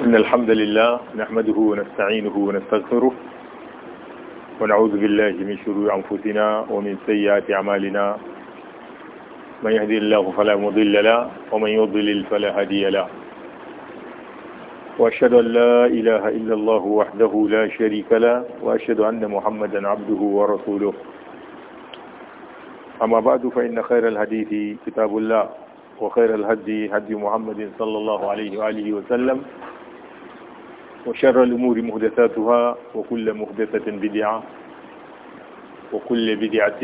إن الحمد لله نحمده ونستعينه ونستغفره ونعوذ بالله من شرور أنفسنا ومن سيئات أعمالنا من يهدي الله فلا مضل له ومن يضلل فلا هادي له وأشهد أن لا إله إلا الله وحده لا شريك له وأشهد أن محمدا عبده ورسوله أما بعد فإن خير الحديث كتاب الله وخير الهدي هدي محمد صلى الله عليه وآله وسلم وشر الأمور مهدثاتها وكل مهدثة بدعة وكل بدعة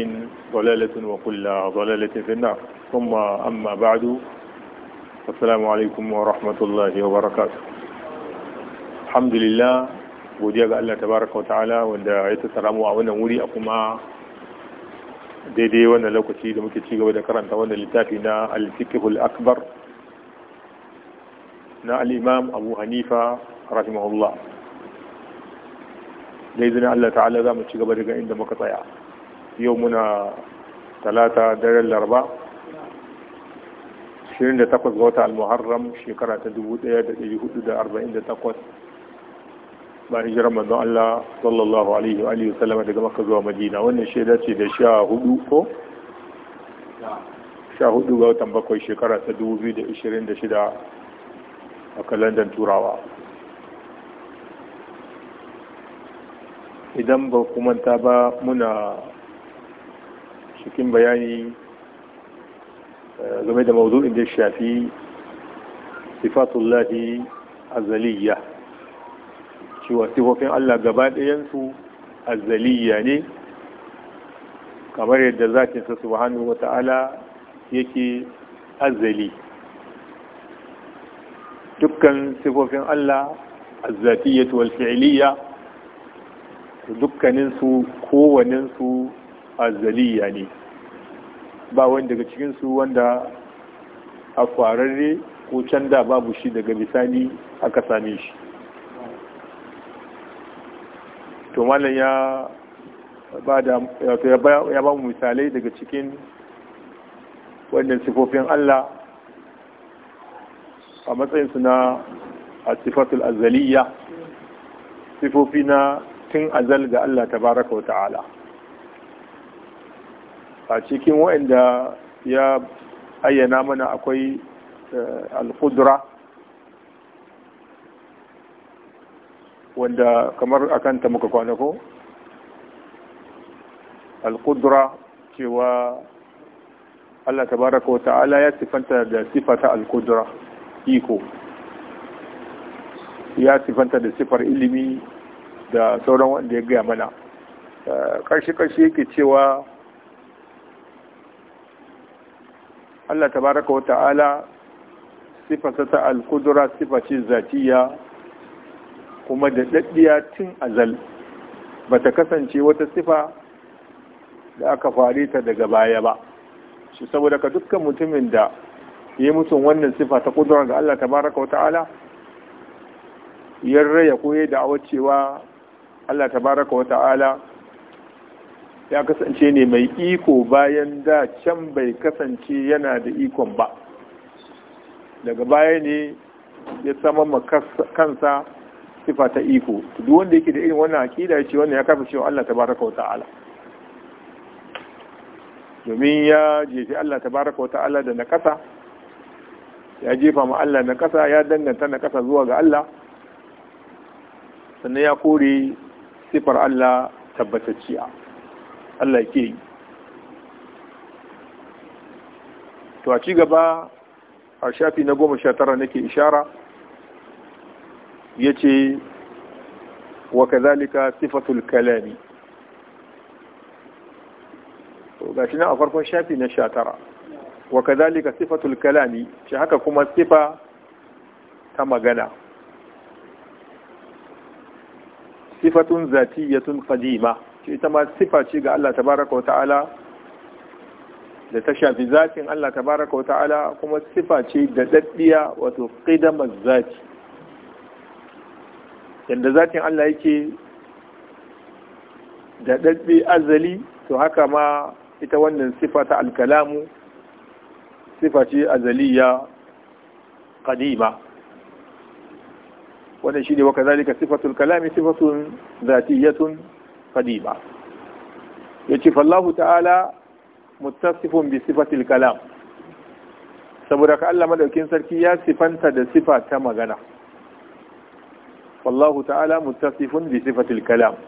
ضلالة وكل ضلالة في النار ثم أما بعد السلام عليكم ورحمة الله وبركاته الحمد لله ودي وديا الله تبارك وتعالى وندا عيت السلام وعونا موري أقوما ديدي وانا لو كتير دمك تيجا وانا كرنت وانا لتاتنا الفكه الأكبر نا الإمام أبو حنيفة rahimahullah da izinin Allah ta'ala za mu ci gaba daga inda muka tsaya yau muna talata daren larba 28 ga wata al-muharram shekara ta 1448 bayan hijirar manzon Allah sallallahu alaihi wa alihi wasallama daga Makka zuwa Madina wannan shaida ce da sha hudu ko sha hudu ga watan bakwai shekara ta 2026 a kalandar turawa idan ba kuma manta ba muna cikin bayani eh, game da mawuzo'in da shafi sifatullahi azaliya cewa sifofin Allah gaba ɗayansu azaliya ne kamar yadda zatinsa subhanahu wata'ala yake azali dukkan sifofin Allah azzatiyatu wal fi'liya dukkaninsu kowaninsu azaliya ne ba wani daga cikinsu wanda a kwararre ko can da babu shi daga misali aka same shi to malam ya ba mu misalai daga cikin wannan sifofin Allah a matsayinsu na a sifatul azaliya sifofi na tun azal ga Allah tabaraka wa ta'ala a cikin waɗanda ya ayyana mana akwai eh, al wanda kamar akan ta muka kwana ko al cewa Allah tabaraka wa ta'ala ya sifanta da sifata al iko ya sifanta da sifar ilimi da sauran wanda ya gaya mana ƙarshe-ƙarshe eh, yake cewa Allah tabaraka wa ta'ala sifarsa ta alkudura sifa ce zatiya kuma da daddiya tun azal ba ta kasance wata sifa da aka fare ta daga baya ba shi saboda ka dukkan mutumin da ya mutum wannan sifa ta kudura ga Allah tabaraka wa ta'ala ya koya da awacewa Allah tabaraka wa ta'ala ya kasance ne mai iko bayan da can bai kasance yana da ikon ba daga baya ne ya sama kansa sifa ta iko duk wanda yake da irin wannan akida ce wannan ya kafa cewa Allah tabaraka wa ta'ala domin ya jefi Allah tabaraka wa ta'ala da nakasa ya jefa ma Allah nakasa ya danganta nakasa zuwa ga Allah sannan ya kore sifar Allah tabbatacciya Allah ke yi to a cigaba a shafi na goma sha tara nake ishara ya ce wa kazalika sifatul kalami to ga shi nan a farkon shafi na sha tara wa kazalika sifatul kalami shi haka kuma sifa ta magana sifatun zatiyatun qadima ita ma sifa ce ga Allah tabaraka wa ta'ala da ta shafi zatin Allah tabaraka wa ta'ala kuma sifa ce da daddiya wato qidamaz zati yadda zatin Allah yake da daddi azali to haka ma ita wannan sifa ta alkalamu sifa ce azaliya qadima wannan ne wa kazalika sifatul kalami sifatun zatiyatun qadima yace fallahu ta'ala muttasifun bi sifatil kalam saboda ka Allah madaukin sarki ya sifanta da sifa ta magana wallahu ta'ala muttasifun bi sifatil kalam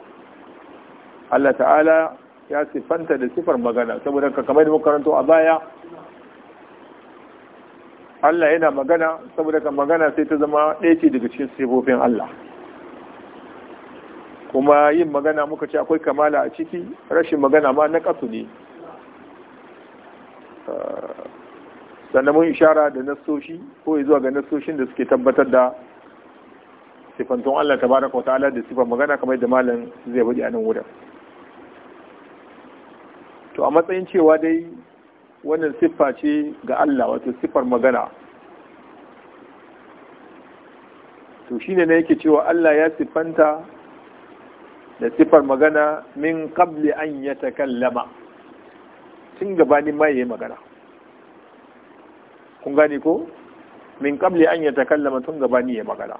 Allah ta'ala ya sifanta da sifar magana saboda ka kamar da muka karanto a baya Allah yana magana saboda kan magana sai ta zama ɗaya ce daga cikin sifofin Allah kuma yin magana muka ce akwai kamala a ciki rashin magana ma na ƙasu ne sannan mun ishara da nasoshi ko zuwa ga nasoshin da suke tabbatar da sifantun Allah ta tabaraka wa ta'ala da sifan magana kamar da malam zai baje a nan wurin to a matsayin cewa dai wannan siffa ce ga Allah wato siffar magana to shine ne yake cewa Allah ya siffanta da siffar magana min qabli an yatakallama tun gabanin ma yayi magana kun gane ko min qabli an yatakallama tun gabanin yayi magana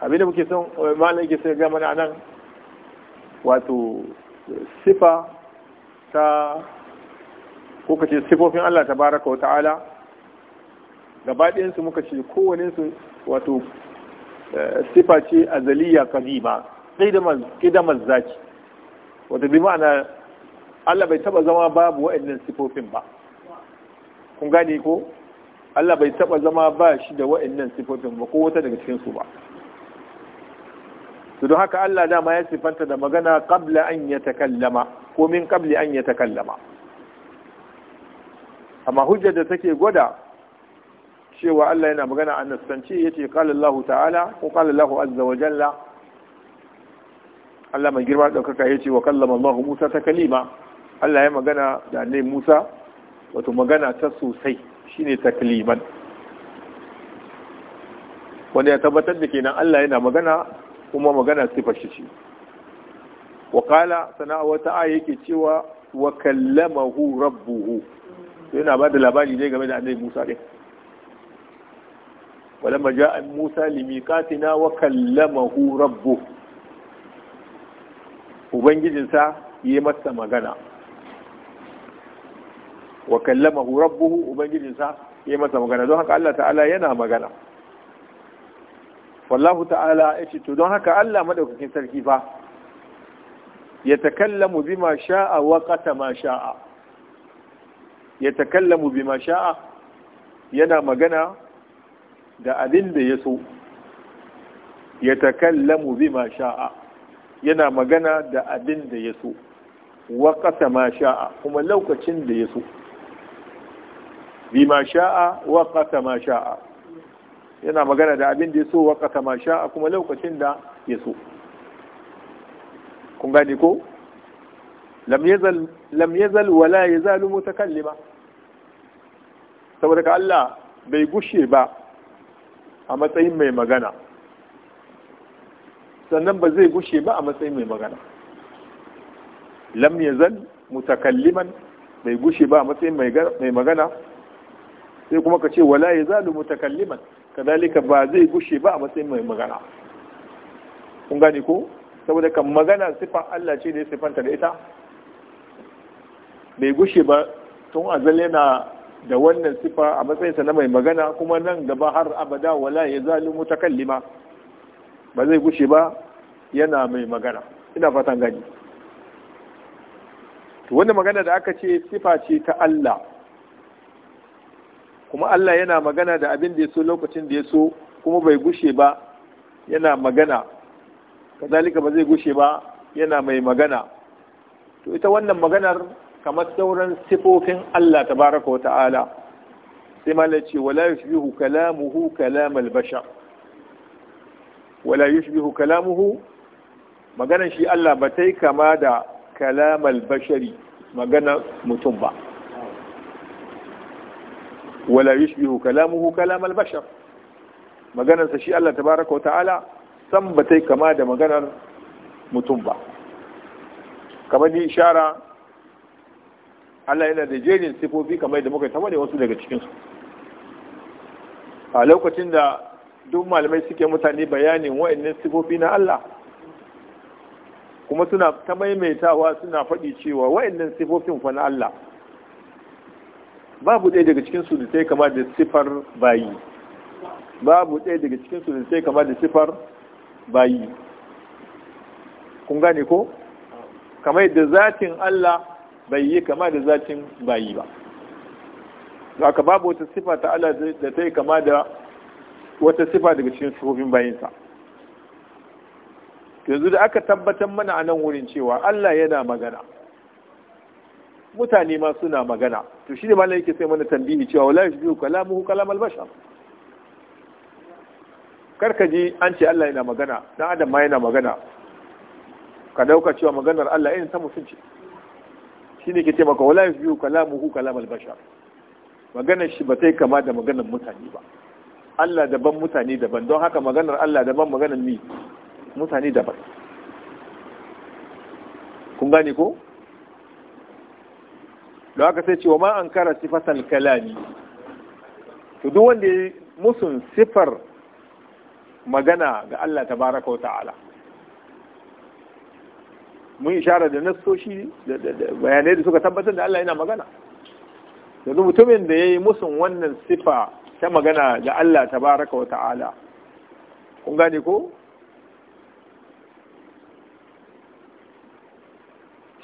abin da muke son malai ke sai ga mana anan wato sifa ta ko ka ce sifofin Allah ta baraka wa ta'ala gabaɗayansu muka ce kowanensu wato eh, sifa ce a Zaliya kadima ƙidamar zaki Wata bi ma'ana Allah bai taba zama babu wa'annan sifofin ba kun gane ko Allah bai taba zama ba shi da wa'annan sifofin ba ko wata daga cikinsu ba su don haka Allah dama ya sifanta da magana qabla an takallama ko min qabli an takallama amma hujjar da take gwada cewa Allah yana magana a nasance yace qala ta'ala ko qala azza wa jalla Allah mai girma daukaka yace wa kallama Allah Musa ta kalima Allah ya magana da ne Musa wato magana ta sosai shine takliman wanda ya tabbatar da kenan Allah yana magana kuma magana sifar shi ce wa qala sana'a wata ta'a yake cewa wa kallamahu rabbuhu to yana ba da labari ne game da annabi Musa din walamma ja'a Musa limiqatina wa kallamahu rabbuh ubangijinsa yi masa magana wa kallamahu rabbuhu ubangijinsa yi masa magana don haka Allah ta'ala yana magana wallahu ta'ala ya ce to don haka Allah madaukakin sarki fa ya takallamu bima sha'a wa qata ma sha'a ya takallamu bima sha'a yana magana da abin da ya so ya takallamu bima sha'a yana magana da abin da ya so wa ƙasa ma sha'a kuma lokacin da ya so bima sha'a wa ƙasa ma sha'a yana magana da abin da ya so wa ƙasa ma sha'a kuma lokacin da ya so kun gani ko lam yazal lam yazal wala yazalu mutakallima saboda ka Allah bai gushe ba a matsayin mai magana sannan ba zai gushe ba a matsayin mai magana lam yazal mutakalliman bai gushe ba a matsayin mai magana sai kuma ka ce wala yazalu mutakalliman kadalika ba zai gushe ba a matsayin mai magana kun gane ko saboda kan magana sifan Allah ce da ya sifanta da ita bai gushe ba tun azal yana da wannan sifa a matsayinsa na mai magana kuma nan gaba har abada wala ya zalimu takallima ba zai gushe ba yana mai magana ina fatan gani to wannan magana da aka ce sifa ce ta Allah kuma Allah yana magana da abin da ya so lokacin da ya so kuma bai gushe ba yana magana kazalika ba zai gushe ba yana mai magana to ita wannan maganar kamar sauran sifofin Allah tabaraka wa ta'ala sai mala ce wala yushbihu kalamuhu kalamal bashar wala yushbihu kalamuhu maganar shi Allah ba ta yi kama da kalamal al-bashari maganar mutum ba wala yushbihu kalamuhu kalamal bashar maganar sa shi Allah tabaraka wa ta'ala san ba ta yi kama da maganar mutum ba kamar ni ishara Allah yana da jerin sifofi kamar da muka tabbata wasu daga cikinsu a lokacin da duk malamai suke mutane bayanin wa'annan sifofi na Allah kuma suna ta maimaitawa suna faɗi cewa wa'annan sifofin fa na Allah babu ɗaya daga cikinsu da sai kama da sifar bayi babu ɗaya daga su da sai kama da sifar bayi kun gane ko kamar yadda zatin Allah bai yi kama da zatin bayi ba ka babu wata sifa ta Allah da ta yi kama da wata sifa daga cikin sufofin bayinsa yanzu da aka tabbatar mana a nan wurin cewa Allah yana magana mutane ma suna magana to shi ne malam yake sai mana tambayi cewa wala yushbihu kalamuhu kalam al-bashar karka ji an ce Allah yana magana dan adam ma yana magana ka dauka cewa maganar Allah irin ta mutum ce ne ke ce maka wala kalamu hu kalam albasha bashar maganar shi ba ta yi kama da maganar mutane ba Allah daban mutane daban don haka maganar Allah daban maganar ni mutane daban kun gane ko don haka sai ce wa ma an kara sifatan kalami to duk wanda ya musun sifar magana ga Allah tabaraka wa ta'ala mun ishara da nasoshi da bayanai da suka tabbatar da Allah yana magana yanzu mutumin da ya yi musun wannan sifa ta magana ga Allah tabaraka wa ta'ala kun gane ko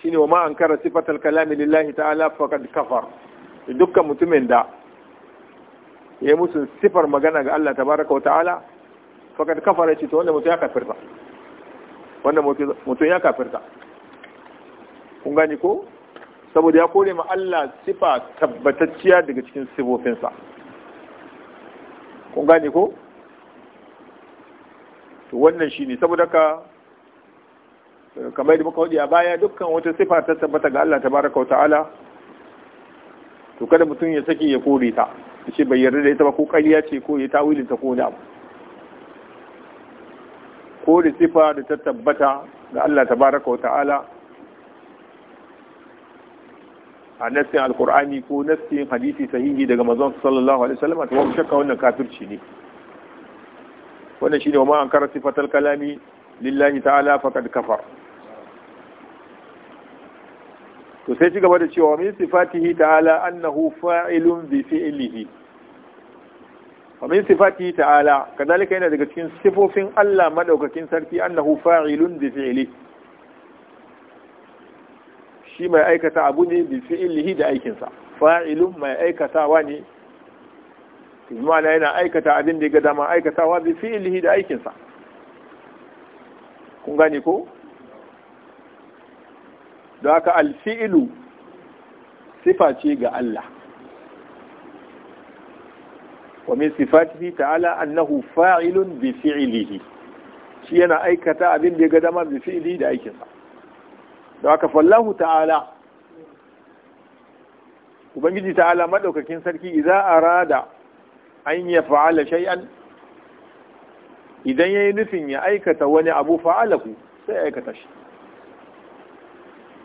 shine wa ma kara sifatal kalami lillahi ta'ala faqad kafar dukkan mutumin da ya yi musun sifar magana ga Allah tabaraka wa ta'ala faqad kafara ce to wanda mutum ya kafirta wanda mutum ya kafirta kun gani ko saboda ya kore ma Allah sifa tabbatacciya daga cikin sifofinsa kun gani ko to wannan shi ne saboda ka kamar da muka a baya dukkan wata sifa ta tabbata ga Allah ta baraka wa ta'ala to kada mutum ya sake ya kore ta ya ce bai yarda da ita ba ko karya ce ko ya tawilin ta ko wani kore sifa da ta tabbata ga Allah ta baraka wa ta'ala a nassin alkur'ani ko nassin hadisi sahihi daga manzon sallallahu alaihi wasallam to babu shakka wannan kafirci ne wannan shine wa ma ankara sifatal kalami lillahi ta'ala faqad kafar to sai cigaba da cewa min sifatihi ta'ala annahu fa'ilun bi fi'lihi wa min sifatihi ta'ala kadalika yana daga cikin sifofin Allah madaukakin sarki annahu fa'ilun bi fi'lihi shi mai aikata abu ne bi fi'ilihi da aikinsa fa'ilun mai aikatawa ne ma'ana yana aikata abin da ya ga dama aikatawa bi fi'ilihi da aikinsa kun gane ko da haka alfi'ilu sifa ce ga Allah wa min sifatihi ta'ala annahu fa'ilun bi fi'ilihi shi yana aikata abin da ya ga dama bi fi'ilihi da aikinsa da aka fallahu ta'ala ubangiji ta'ala madaukakin sarki idza arada an ya fa'ala shay'an idan yi nufin ya aikata wani abu fa'alahu sai aikata shi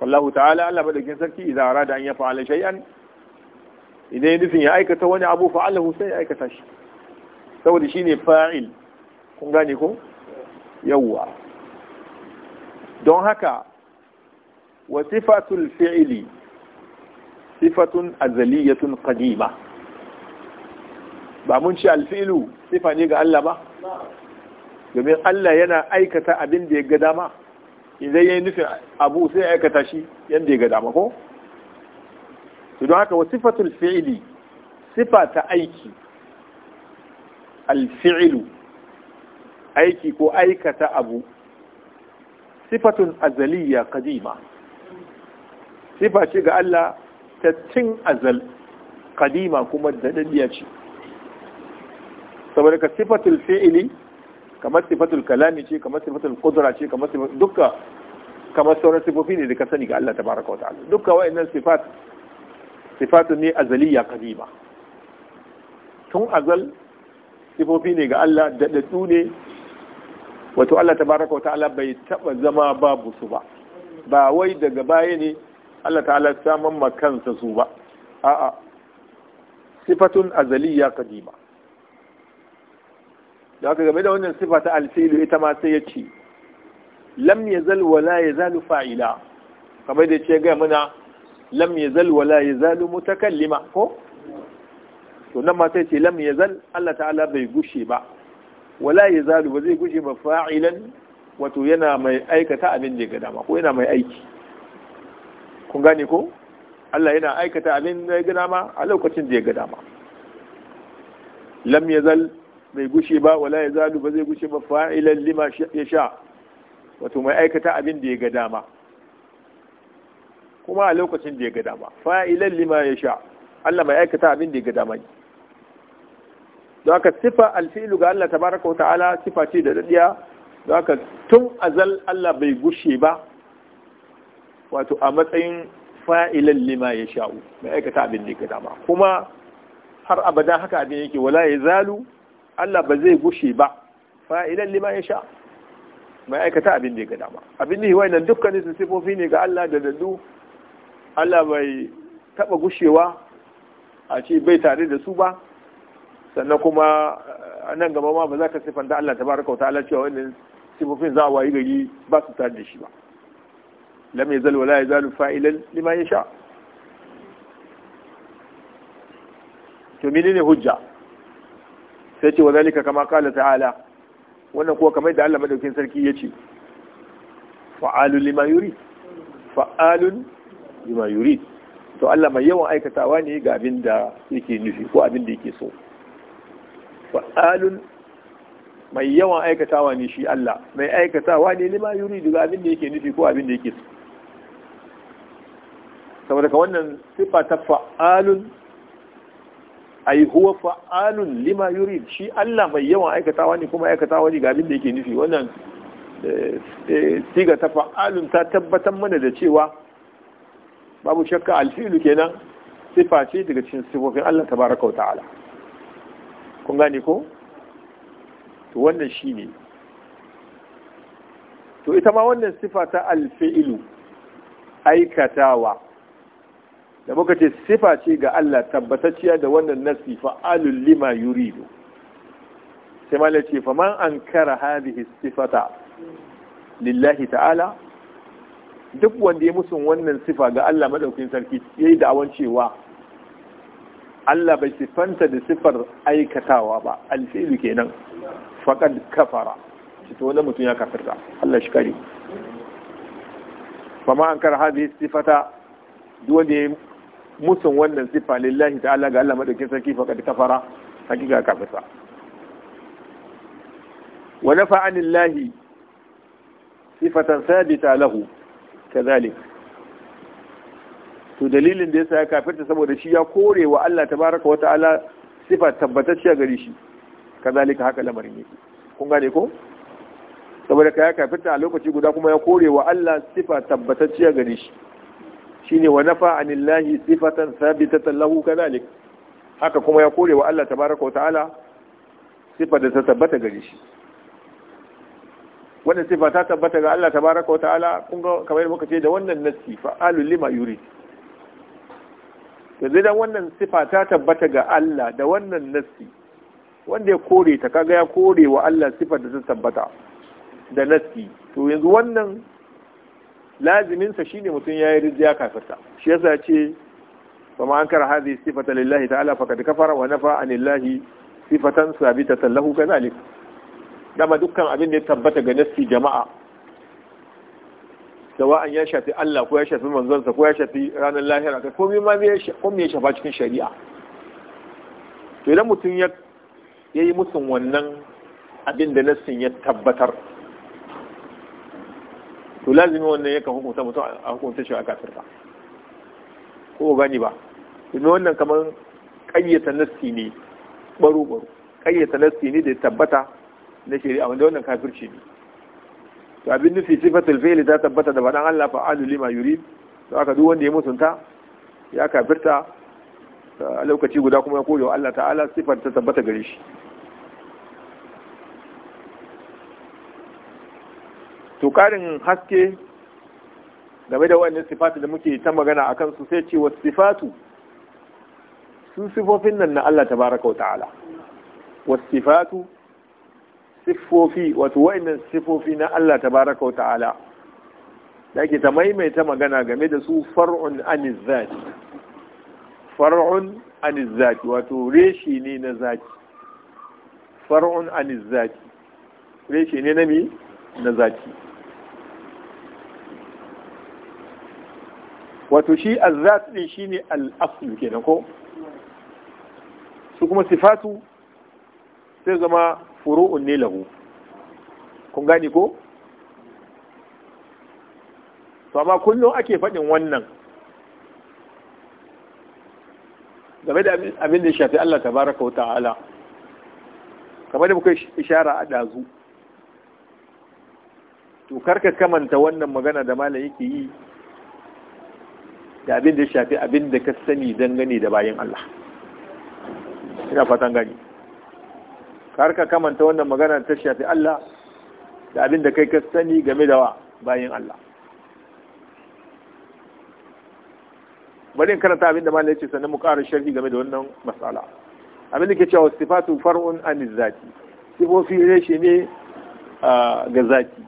wallahu ta'ala Allah madaukakin sarki idza arada an ya fa'ala shay'an idan yayi nufin ya aikata wani abu fa'alahu sai aikata shi saboda shine fa'il kun gane ko yawwa don haka wa sifatul fi'ili sifatun azaliyatun qadima ba mun ce alfilu sifa ne ga Allah ba domin Allah yana aikata abin da ya ga dama idan yayi nufin abu sai aikata shi yanda ya ga dama ko to don haka wa sifatul fi'ili sifa ta aiki alfi'ilu aiki ko aikata abu sifatun azaliya kadima sifa ce ga Allah ta tun azal kadima kuma daɗaɗɗiya ce saboda ka sifatul fi'ili kamar sifatul kalami ce kamar sifatul kudura ce kamar sifatul dukka kamar sauran sifofi ne da ka sani ga Allah baraka wa ta'ala dukka wa'annan sifat sifatun ne azaliya kadima tun azal sifofi ne ga Allah daɗaɗɗu ne wato Allah Ta baraka wa ta'ala bai taɓa zama babu su ba ba wai daga baya ne Allah ta'ala saman ma kansa su ba a'a sifatun azaliya kadima da aka game da wannan sifa ta alfilu ita ma sai ya ce lam yazal wala yazalu fa'ila kamar da ce ga muna lam yazal wala yazalu mutakallima ko to nan ma sai ce lam yazal Allah ta'ala bai gushe ba wala yazalu ba zai gushe ba fa'ilan wato yana mai aikata abin da ya ga dama ko yana mai aiki kun gane ko Allah yana aikata abin da ya ga dama a lokacin da ya ga dama lam yazal bai gushe ba wala ya zalu ba zai gushe ba fa'ilan lima ya sha wato mai aikata abin da ya ga dama kuma a lokacin da ya ga dama fa'ilan lima ya sha Allah mai aikata abin da ya ga dama ne don haka sifa alfi'lu ga Allah tabaraka wa ta'ala sifa ce da dadiya don haka tun azal Allah bai gushe ba wato a matsayin fa'ilan lima ya sha'u mai aikata abin da ya dama kuma har abada haka abin yake wala ya zalu Allah ba zai gushe ba fa'ilan lima ya sha mai aikata abin da ya dama abin da hiwai nan dukkanin su sifofi ne ga Allah da daddu Allah bai taba gushewa a ce bai tare da su ba sannan kuma a nan gaba ma ba za ka siffanta Allah ta baraka wata ta'ala cewa wannan sifofin za a wayi gari ba su tare da shi ba لم يزل ولا يزال فائلا لما يشاء to menene hujja sai ce wa تعالى kama qala ta'ala wannan kuwa kamar da Allah madaukin sarki yace fa'alun lima yuri to Allah mai yawan aikatawa ne ga abin da yake nufi ko abin da yake so fa'alun mai yawan aikatawa ne shi Allah mai aikatawa ne lima yuri ga abin da yake nufi ko abin da yake so saboda ka wannan sifa ta fa'alun ai huwa fa'alun lima yuri shi Allah mai yawan aikatawa ne kuma aikatawa ne ga abin da yake nufi wannan eh, eh, siga ta fa'alun ta tabbatar mana da cewa babu shakka alfilu kenan sifa ce daga cikin sifofin Allah baraka wa ta'ala kun gane ko to wannan shi ne to ita ma wannan sifa ta alfilu aikatawa da muka ce sifa ce ga Allah tabbatacciya da wannan nasi fa'alul lima yuridu sai ma ce fa man ankara hadhihi sifata lillahi ta'ala duk wanda ya musun wannan sifa ga Allah madaukakin sarki yayi da'awan cewa Allah bai sifanta da sifar aikatawa ba alfilu kenan faqad kafara to wannan mutum ya kafirta Allah shi kare fa man ankara hadhihi sifata duk wanda ya musun wannan sifa lillahi ta'ala ga Allah madaukin sarki kad kafara hakika kafisa wa nafa anillahi sifatan sabita lahu kadhalik to dalilin da yasa ya kafirta saboda shi ya kore wa Allah tabaraka wa ta'ala sifa tabbatacciya gare shi kadhalika haka lamarin yake kun gane ko saboda ka ya kafirta a lokaci guda kuma ya kore wa Allah sifa tabbatacciya gare shi ne wa nafa anillahi sifatan sabitatan lahu kadhalik haka kuma ya kore wa Allah tabaraka ta'ala sifa da ta tabbata gare shi wannan sifa ta tabbata ga Allah tabaraka ta'ala kun ga kamar yadda muka ce da wannan nasi fa'alu lima yurid zai da wannan sifa ta tabbata ga Allah da wannan nasi wanda ya kore ta kaga ya kore wa Allah sifar da ta tabbata da nasi to yanzu wannan laziminsa shi ne mutum ya yi rijiya kafirta shi ya ce ba ma an kara hazi sifata lillahi ta'ala ka kafara wa nafa an lillahi sifatan sabita tallahu ga zalik dama dukkan abin da ya tabbata ga nassi jama'a sawa an ya shafi Allah ko ya shafi manzon ko ya shafi ranar lahira ko komai ma ya ya shafa cikin shari'a to idan mutum ya yayi musun wannan abin da nassin ya tabbatar to lazimi wannan yakan hukunta mutum a hukunta shi a kafirta ko gani ba domin wannan kamar kayyata nassi ne baro baro kayyata nassi ne da ya tabbata na shari'a wanda wannan kafirci ne to abin nufi sifatul fi'li ta tabbata da faɗan Allah fa'alu lima yurid to aka duk wanda ya mutunta ya kafirta a lokaci guda kuma ya koyo Allah ta'ala sifar ta tabbata gare shi to karin haske game da wannan sifatu da muke ta magana a kansu sai ce wasu sifatu su sifofin nan na Allah baraka wa ta'ala Wasu sifatu sifofi wato wa'annan sifofi na Allah baraka wa ta'ala da ake ta maimaita magana game da su far'un aniz far'un aniz wato reshi ne na zaki, far'un aniz reshi ne na mi na zaki. wato shi azzat din shine al-asl kenan ko su kuma sifatu sai zama furu'un ne lahu kun gane ko to amma kullum ake faɗin wannan game da abin da shafi Allah tabaraka wa ta'ala kamar da muka ishara a ɗazu to karka kamanta wannan magana da malam yake yi da abin da ya shafi abin da ka sani dangane da bayan Allah ina fatan gani har ka kamanta wannan magana ta shafi Allah da abin da kai ka sani game da bayan Allah bari in karanta abin da malam ce sannan mu ƙara sharhi game da wannan matsala abin da ke cewa sifatu far'un an zati sifofi reshe ne ah, ga zati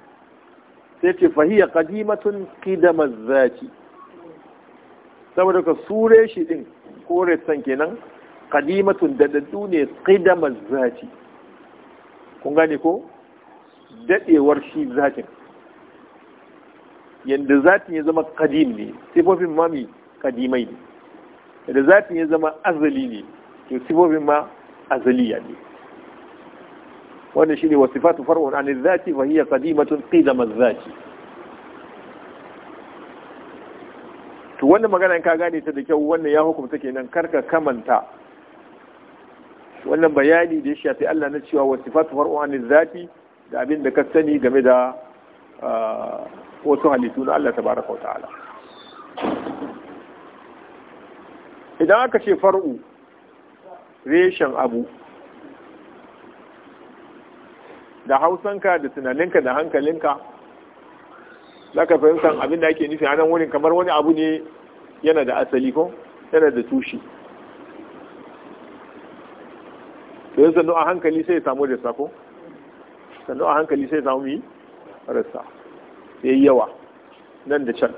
sai ce fahiya qadimatun qidama zati saboda ka sure shi din kore san kenan qadimatun dadaddu ne qidamaz zati kun gane ko dadewar shi zatin yanda zatin ya zama qadim ne sifofin mami qadimai ne yanda zatin ya zama azali ne to sifofin ma azaliya ne wannan shine wasifatu farwan an zati wa hiya qadimatun qidamaz zati to wannan magana ka gane ta da kyau wannan ya hukumta kenan karka kamanta wannan bayani da ya shafi Allah na cewa wasifatu far'u anil zati da abin da ka sani game da ah, wasu halittu na Allah tabaraka wa ta'ala idan aka ce far'u reshen abu da hausanka da tunaninka da hankalinka za ka fahimtar abin ake nufi a nan wurin kamar wani abu ne yana da asali ko yana da tushe to yanzu sannu a hankali sai ya samu da ko sannu a hankali sai ya samu yi rasa ya yi yawa nan da can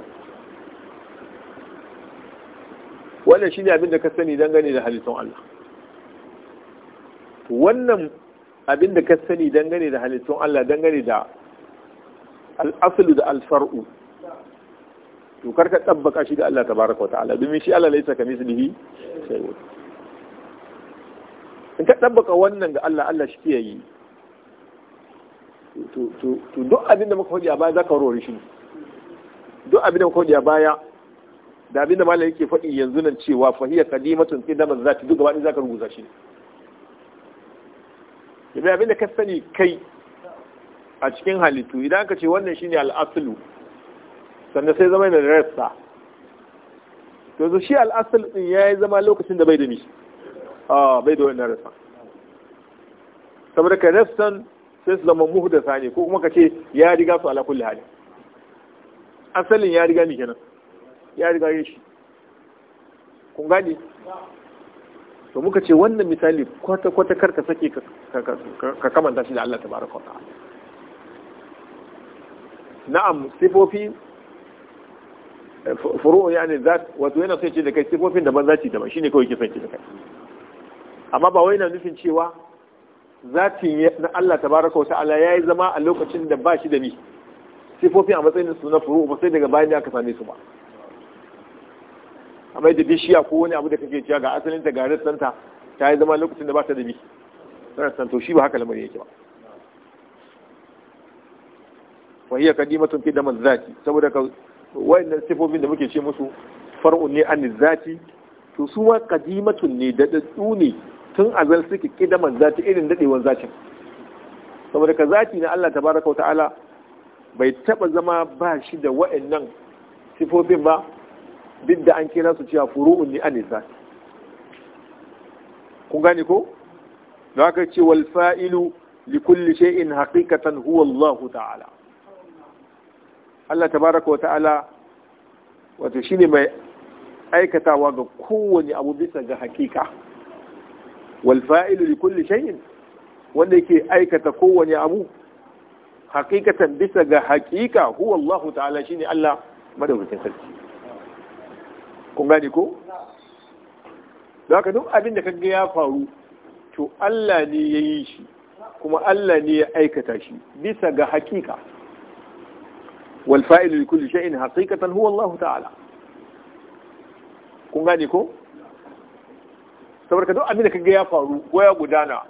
wannan shi ne abin da ka sani dangane da halittun Allah wannan abin da ka sani dangane da halittun Allah dangane da al'asulu da alfar'u to karka tabbaka shi da Allah tabaraka wa ta'ala domin shi Allah laisa kamislihi shay'un in ka tabbaka wannan ga Allah Allah shi ke yi to duk abin da muka faɗi a baya za ka warware shi duk abin da muka faɗi a baya da abin da malam yake faɗi yanzu nan cewa fahiyar kadimatun fi za zati duk gaba za ka rubuta shi da abin da ka sani kai a cikin halittu idan ka ce wannan shine al-aslu sannan sai zama yana da To yanzu shi al'asal ɗin ya yi zama lokacin da bai da mi a bai da wannan rassa saboda ka rassan sai su zama Muhu da Sani ko kuma ka ce ya riga su ala kulli hali asalin ya riga ni kenan ya riga yin shi kun gani to muka ce wannan misali kwata kwata kar ka sake ka kamanta shi da Allah baraka wa ta'ala na'am sifofi furu ya ne zat wato yana sai ce da kai sifofin daban da daban shine kawai kisan ce da kai amma ba wai na nufin cewa zatin na Allah tabaraka wa ta'ala yayi zama a lokacin da ba shi da ni sifofin a matsayin su na furu ba sai daga bayan ya aka same su ba amma da bishiya ko wani abu da kake cewa ga asalin ta garin santa ta yi zama lokacin da ba ta da bi rassan santo shi ba haka lamarin yake ba wa hiya qadimatun fi damaz zati saboda ka wayannan sifofin da muke ce musu far'un ne an zati to su wa qadimatun ne da dadu ne tun azal suke kidaman zati irin dadewan zati saboda ka zati na Allah tabaraka ta'ala bai taba zama ba shi da wayannan sifofin ba duk da an kira su cewa furu'un ne an zati kun gane ko da aka ce wal fa'ilu li kulli shay'in haqiqatan huwa Allah ta'ala Allah tabaraka wata'ala wato shine mai aikatawa ga kowane abu bisa ga hakika wal fa'ilu li kulli shay'in wanda yake aikata kowane abu hakikatan bisa ga hakika huwa Allah ta'ala shine Allah madaukakin sarki kun gane ko haka duk abin da kaga ya faru to Allah ne ya yi shi kuma Allah ne ya aikata shi bisa ga hakika wal fa'il li kulli shay'in haqiqatan huwa Allah ta'ala kun gane ko saboda duk abin da kaga ya faru ko ya gudana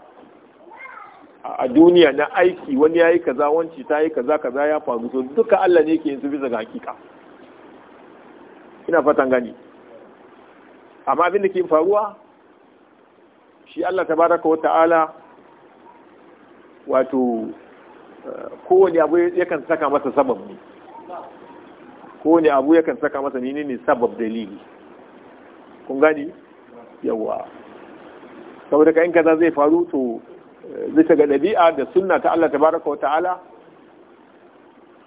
a duniya na aiki wani yayi kaza wanci ta yi kaza kaza ya faru to duka Allah ne ke yin su bisa ga hakika ina fatan gani amma abin da ke faruwa shi Allah ta baraka wa ta'ala wato kowane abu yakan saka masa sabab ne Ko ne abu yakan saka masa ne ne sabab dalili kun gani yawa saboda ka in kaza zai faru to eh, bisa ga ɗabi'a da sunna ta Allah tabaraka wa ta'ala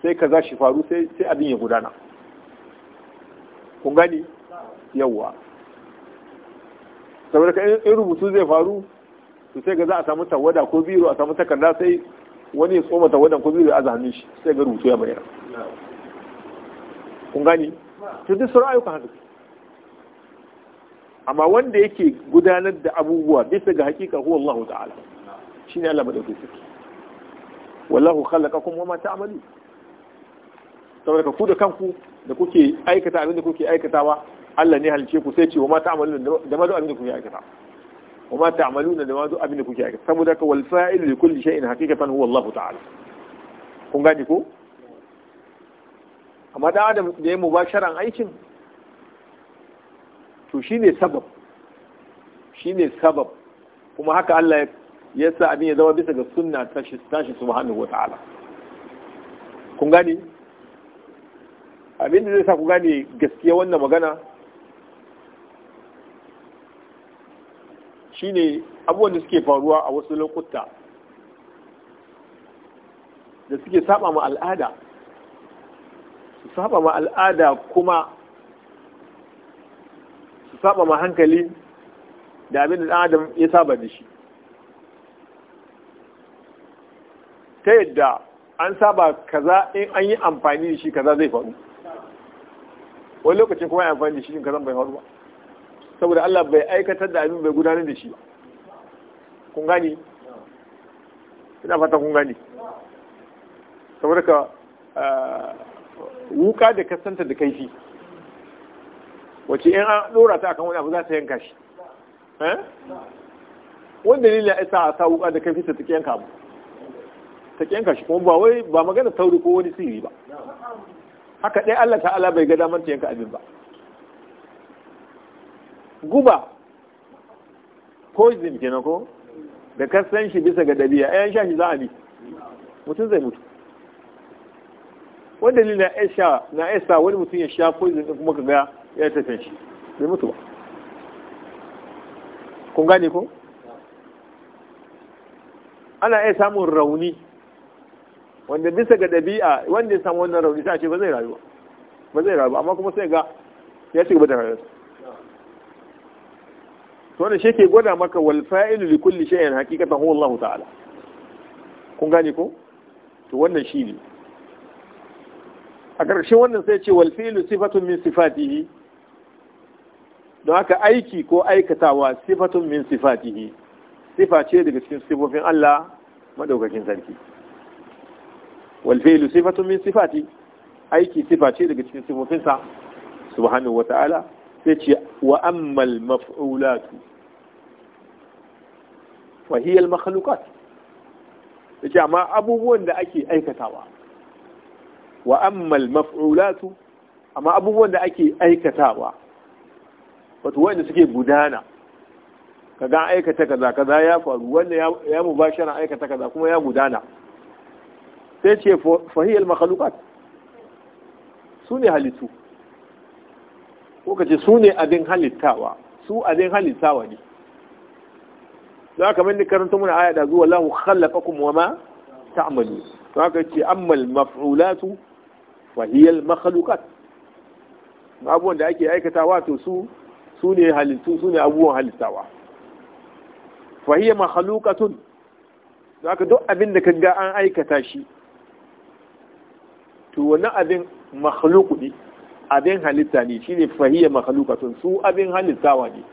sai kaza shi faru sai abin ya gudana kun gani yawa saboda ka in rubutu zai faru to sai ga za a samu tawada ko biro a samu takarda sai wani ya tsoma tawadan ko biro a zahannin shi sai ga rubutu ya bayyana kun gani to duk sauran ayyukan haka amma wanda yake gudanar da abubuwa bisa ga hakika huwa Allah ta'ala shine Allah madauki sarki wallahu khalaqakum wama ta'malu saboda ku da kanku da kuke aikata abin da kuke aikatawa Allah ne halice ku sai ce wama ta'malu da ma abin da kuke aikata wama ta'maluna da ma abin da kuke aikata saboda ka wal fa'il li kulli shay'in haqiqatan huwa Allah ta'ala amma da adam da ya mubasharan aikin to shi ne sabab shi ne sabab kuma haka Allah ya sa abin ya zama bisa ga sunna ta shi tashi subhanahu ta'ala kun gane abin da zai sa ku gane gaskiya wannan magana shi ne abubuwan da suke faruwa a wasu lokuta da suke saba ma al'ada su saba ma al'ada kuma su saba ma hankali da abin da adam ya saba da shi ta yadda an saba kaza in an yi amfani da shi kaza zai faru wani lokacin kuma ya amfani da shi kaza bai faru ba saboda Allah bai aikatar da abin bai gudanar da shi ba kun gani ina fata kun gani saboda ka wuka da kasanta da kaifi wace in an dora ta akan wani abu za ta yanka shi eh? wani dalilin ya isa a sa wuka da kaifi ta take yanka abu ta yanka shi kuma ba wai ba magana tauri ko wani sirri ba haka ɗaya Allah ta'ala bai ga damar ta yanka abin ba guba poison kenan ko da kasan shi bisa ga dabi'a ayan sha shi za a bi mutum zai mutu wanda dalilin na sha na wani mutum ya sha poison din kuma kaga ya tafi shi mai mutu ba kun gane ko ana iya samun rauni wanda bisa ga ɗabi'a wanda ya samu wannan rauni sai a ce ba zai rayu ba zai rayu ba amma kuma sai ga ya ci gaba da rayuwarsa to wannan shi ke gwada maka wal fa'ilu li kulli shay'in haqiqatan huwa Allah ta'ala kun gane ko to wannan shi ne a ƙarshen wannan sai ce walfilu sifatun min sifatihi don haka aiki ko aikatawa sifatun min sifatihi sifa ce daga cikin sifofin Allah madaukakin sarki walfilu sifatun min sifati aiki sifa ce daga cikin sifofinsa subhanahu wa ta'ala sai ce wa ammal maf'ulatu wa hiya al makhluqat yace amma abubuwan da ake aikatawa wa ammal maf'ulatu amma abubuwan da ake aikatawa wato wanda suke gudana kaga aikata kaza kaza ya faru wanda ya mubashara aikata kaza kuma ya gudana sai ce fahiyar makhalukat su ne halittu ko kace su ne abin halittawa su abin halittawa ne za ka mani karanta muna aya da zuwa lahu khallaqakum wa ma ta'malu za ka ce ammal maf'ulatu Fahiyar makhalukat abubuwan da ake aikatawa to su su ne halittu su ne abubuwan halittawa fahiyar makhalukatun za ka duk abin da ga an aikata shi to wani abin makhaluku ne abin halitta ne shi ne fahiyar makhalukatun su abin halittawa ne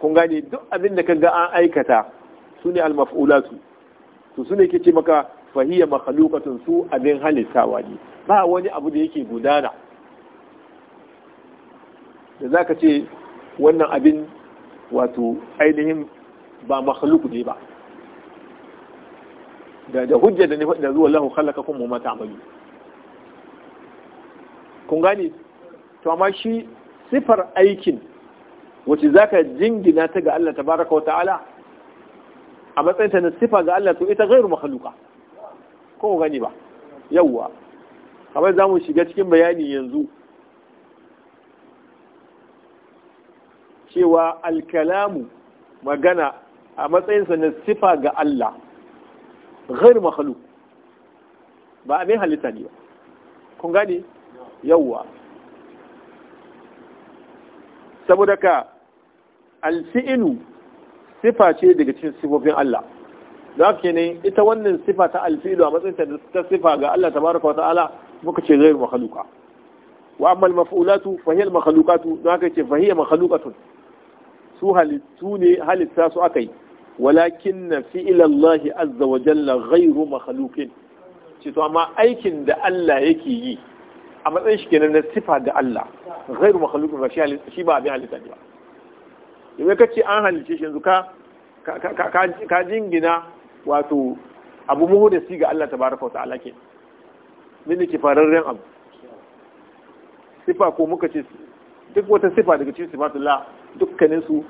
kun gane duk abin da ga an aikata su ne almaf'ulatu su, to su ne ke ce maka fahiyya hiya makhluqatun su abin halittawa ne ba wani abu da yake gudana da zaka ce wannan abin wato ainihin ba makhluq ne ba da da hujja da da zuwa lahu khalaqakum wa ma ta'malu kun gane to amma shi sifar aikin wacce zaka jingina ta ga Allah tabaraka wa ta'ala a matsayin ta na sifa ga Allah to ita ghairu makhluqa ko gani ba yawwa kamar za mu shiga cikin bayani yanzu cewa alkalamu magana a matsayinsa na sifa ga Allah ghair makhluq ba abin halitta ne ba kun gani yawwa saboda ka alfi'ilu sifa ce daga cikin sifofin Allah za ke ne ita wannan sifa ta alfilu a matsayin ta sifa ga Allah tabaraka wa ta'ala muka ce zai makhluka wa amma al-maf'ulatu fa hiya al-makhluqatu za ka ce fa hiya makhluqatun su halittu ne halitta su akai walakin fi'il Allah azza wa jalla ghayru makhlukin ce to amma aikin da Allah yake yi a matsayin shi kenan na sifa ga Allah ghayru makhlukin ba shi ba abin halitta ba idan ka ce an halice shi yanzu ka ka jingina wato abu muhu da siga ga Allah ta wa ta'ala ke mini ke fararren abu sifa ko muka ce duk wata sifa daga cikin sifatullah dukkanin su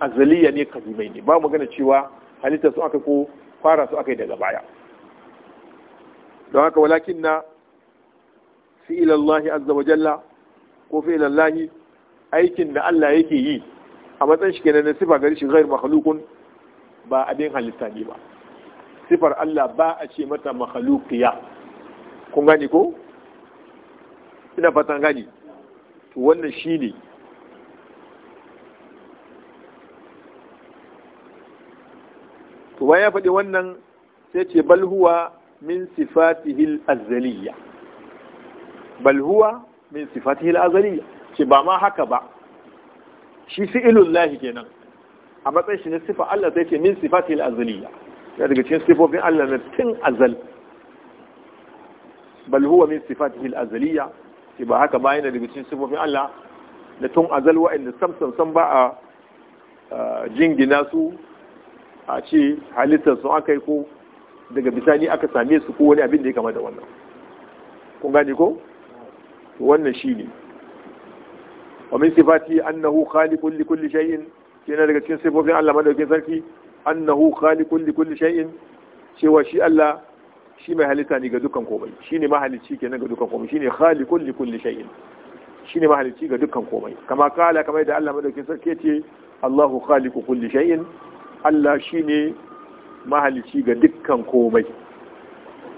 azaliya ne kadimai ne ba magana cewa halitta su aka ko fara su aka yi daga baya don haka walakin na fi ilallahi azza wa jalla ko fi ilallahi aikin da Allah yake yi a matsayin shi kenan na sifa gari shi ghair makhluqun ba abin halitta ne ba sifar Allah ba a ce mata makhluqiya kun gani ko ina fatan gani to wannan ne. to ya faɗi wannan sai ce Balhuwa min sifatihil al-azaliyya bal min sifatihil al-azaliyya ce ba ma haka ba shi lahi kenan a matsayin shi ne sifa Allah sai ce min sifatihil al-azaliyya ya daga cikin sifofin Allah na tun azal bal huwa min sifatihi al-azaliyya ki ba haka ba yana daga cikin sifofin Allah na tun azal inda samsam san ba a jingina su a ce halittar su aka yi ko daga bisani aka same su ko wani abin da ya kama da wannan kun gane ko wannan shi ne. wa min sifati annahu khaliqun li kulli shay'in yana daga cikin sifofin Allah madaukin sarki annahu khaliqun li kulli shay'in cewa shi Allah shi mai halitta ne ga dukkan komai shine mahalicci kenan ga dukkan komai shine khaliqun li kulli shay'in shine mahalicci ga dukkan komai kama kala kama da Allah madaukakin sarki ce Allahu khaliqu kulli shay'in Allah shine mahalicci ga dukkan komai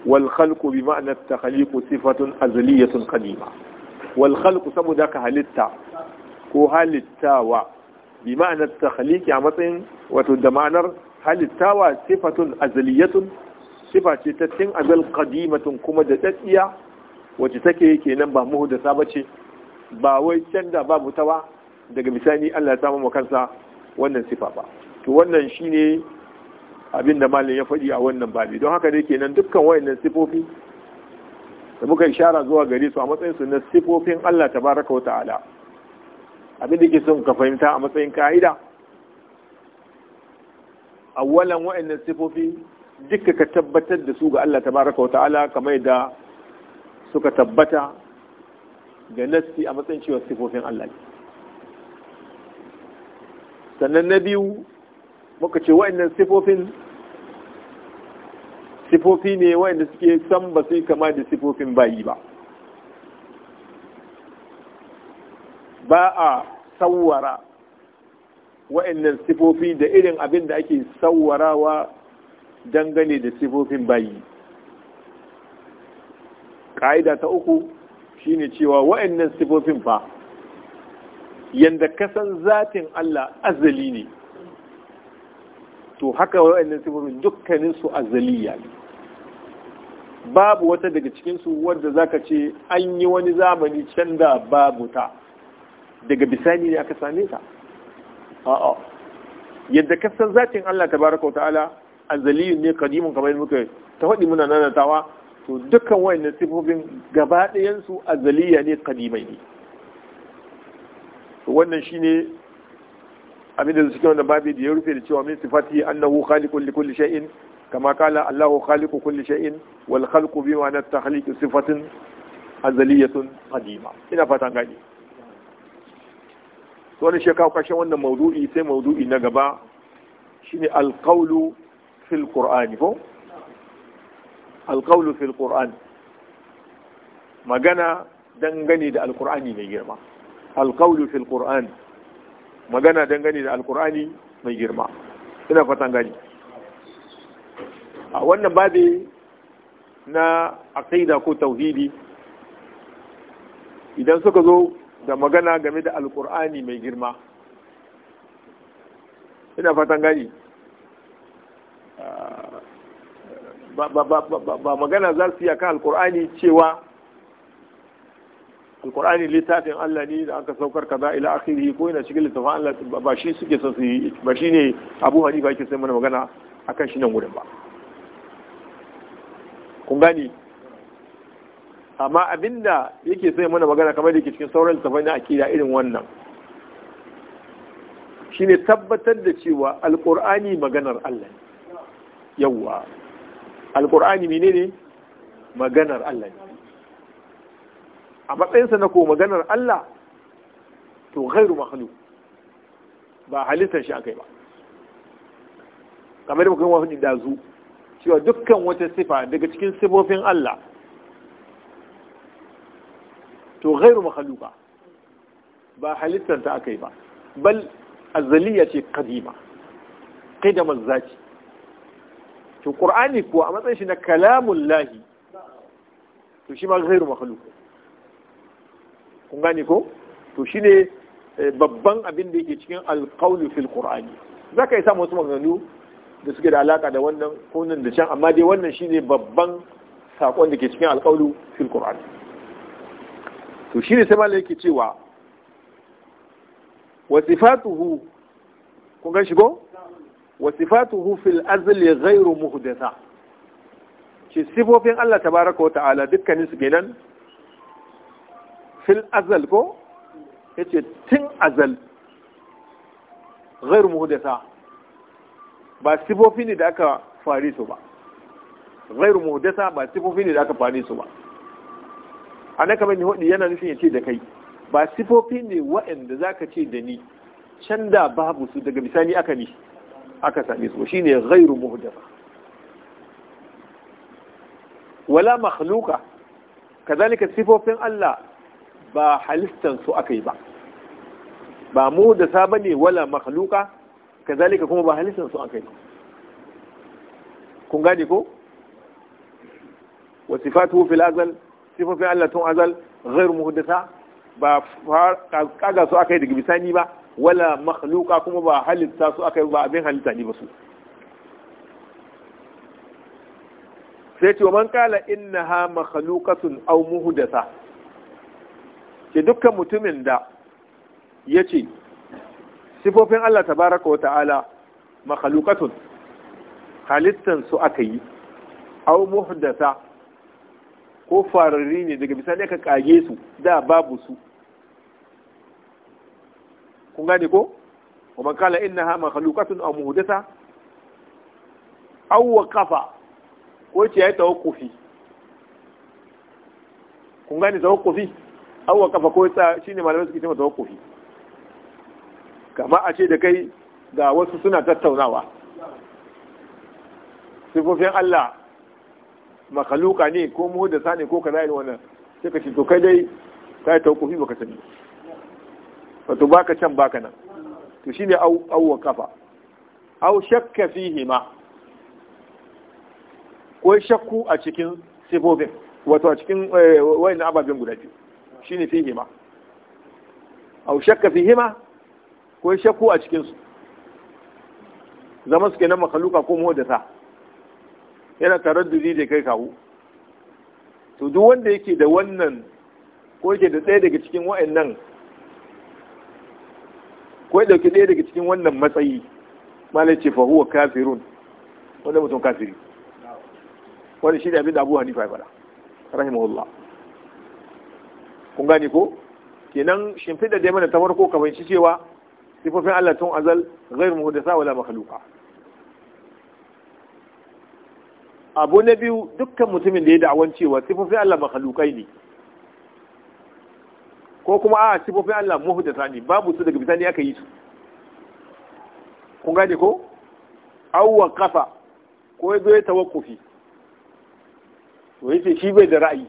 wal khalqu bi ma'na takhliqu sifatun azliyatun qadima wal khalqu saboda ka halitta ko halittawa bi ma'anar takhaliki a matsayin wato da ma'anar halittawa sifatun azaliyatun sifa ce ta tin azal qadimatun kuma da tsatsiya wacce take kenan ba da saba bace ba wai canza babu ta ba daga misani Allah ya samu mu kansa wannan sifa ba to wannan shine abin da malin ya faɗi a wannan babi don haka ne kenan dukkan wayannan sifofi da muka ishara zuwa gare su a matsayin su na sifofin Allah tabaraka wa ta'ala abin da ke son ka fahimta a matsayin ka'ida a walan wa'annan sifofi duka ka tabbatar da su ga Allah Ta baraka wa ta'ala kamar da suka tabbata ga nassi a matsayin cewa sifofin Allah ne sannan na biyu muka ce wa'annan sifofin sifofi ne wa'anda suke san ba su yi kama da sifofin bayi ba ba a sauwara wa'annan sifofi da irin abin da ake sauwarawa dangane da sifofin bayi ƙa'ida ta uku shine cewa wa'annan sifofin fa yanda kasan zatin Allah azali ne to haka wa'annan sifofin dukkaninsu azaliya ne babu wata daga cikinsu wadda zaka ce an yi wani zamani can babu ta daga bisani ne aka same sa a'a yadda kasan zatin Allah tabaraka ta'ala azaliyun ne kadimun kamar muka ta faɗi muna nanatawa to dukkan wayannan sifofin gaba ɗayan su azaliya ne kadimai ne wannan shine abin da suke wannan babu da ya rufe da cewa min sifati annahu khaliqun li kulli shay'in kama kala Allahu khaliqu kulli shay'in wal khalqu bi ma'na at-takhliq sifatun azaliyatun qadima ina fatan gani to wani shekau kashe wannan maudu'i sai maudu'i na gaba shine alqawlu fil qur'ani ko alqawlu fil qur'an magana dangane da alƙur'ani mai girma alqawlu fil qur'an magana dangane da alƙur'ani mai girma ina fatan gani a wannan babi na aqida ko tauhidi idan suka zo da magana game da alkur'ani mai girma ina fatan gani ah, ba magana za su yi kan alkur'ani cewa alkur'ani littafin Allah ne da aka saukar kaza ila akhiri ko yana cikin littafin Allah ba shi suke son su yi ba shi ne Abu Hanifa yake sai mana magana akan shi nan gurin ba kun gani amma abinda yake sai mana magana kamar da ke cikin sauran tafai na akida irin wannan shine tabbatar da cewa alkur'ani maganar Allah ne. yawwa alkur'ani menene maganar Allah ne? a matsayinsa na ko maganar Allah to ghairu makhluq ba halittar shi akai ba kamar da kuma yi wani dazu cewa dukkan wata sifa daga cikin sifofin Allah to ghairu makhluqa ba halittar ta akai ba bal azaliya ce kadima qidamaz zati to qur'ani ko a matsayin shi na kalamun lahi to shi ma ghairu makhluq kun gane ko to shine eh, babban abin da yake cikin alqawlu fil qur'ani zaka yi samu wasu maganganu da suke da alaka da wannan ko nan da can amma dai wannan shine babban sakon da ke cikin alqawlu fil qur'ani to shi ne sai yake cewa wasifatuhu kun gan shigo wasifatuhu fil azli ghairu muhdatha shi sifofin Allah tabaraka wa ta'ala dukkanin su kenan fil azal ko yace tin azal ghairu muhdatha ba sifofin ne da aka fare su ba ghairu muhdatha ba sifofin ne da aka fare su ba annaka mai hudi yana nufin ya ce da kai ba sifofi ne waɗanda za ka ce da ni can da babu su daga bisani aka ni aka same su shine ghairu muhdatha wala makhluka kazalika sifofin Allah ba halistan su aka yi ba ba mu da saba ne wala makhluka kazalika kuma ba halistan su aka yi kun gane ko wa sifatu fil azal sifofin Allah tun azal ghair muhaddasa ba kaga su aka yi daga bisani ba wala makhluka kuma ba halitta su aka yi ba abin halitta ne ba su sai ce man kala innaha makhlukatun aw muhdatha ke dukkan mutumin da yace sifofin Allah tabaraka wa ta'ala makhlukatun halittan su aka yi aw muhdatha ko fararri ne daga misali aka kage su da babu su kun gane ko wa kala ma khaluqatun aw muhdatha aw waqafa ko ce ta tawakkufi kun gane tawakkufi aw waqafa ko ta shine malamin suke cewa tawakkufi kama a ce da kai ga wasu suna tattaunawa sifofin Allah makaluka ne ko da ne ko kaza irin wannan sai ka ce to kai dai kai tawqufi baka sani wato baka can baka nan to shine au au kafa au shakka fihi ma ko shakku a cikin sifofin wato a cikin eh, wayan ababen guda biyu shine fihi ma au shakka fihi ma ko shakku a cikin su zama su kenan makaluka ko sani yana taraddudi da kai kawo to duk wanda yake da wannan ko yake da ɗaya daga cikin wa'annan ko ya ɗauki ɗaya daga cikin wannan matsayi malai ce fahuwa kafirun wanda mutum kafiri wani shi da abin da abu hanifa ya faɗa rahimahullah kun gane ko kenan shimfiɗa da mana ta farko kamar shi cewa sifofin Allah tun azal ghairu muhdasa wala makhluqa abu na biyu dukkan mutumin da ya da'awan cewa sifofin Allah makhlukai ne ko kuma a sifofin Allah muhdasa ne babu su daga bisani aka yi su kun gane ko awwa kafa ko ya zo ya tawakkufi to yace shi bai da ra'ayi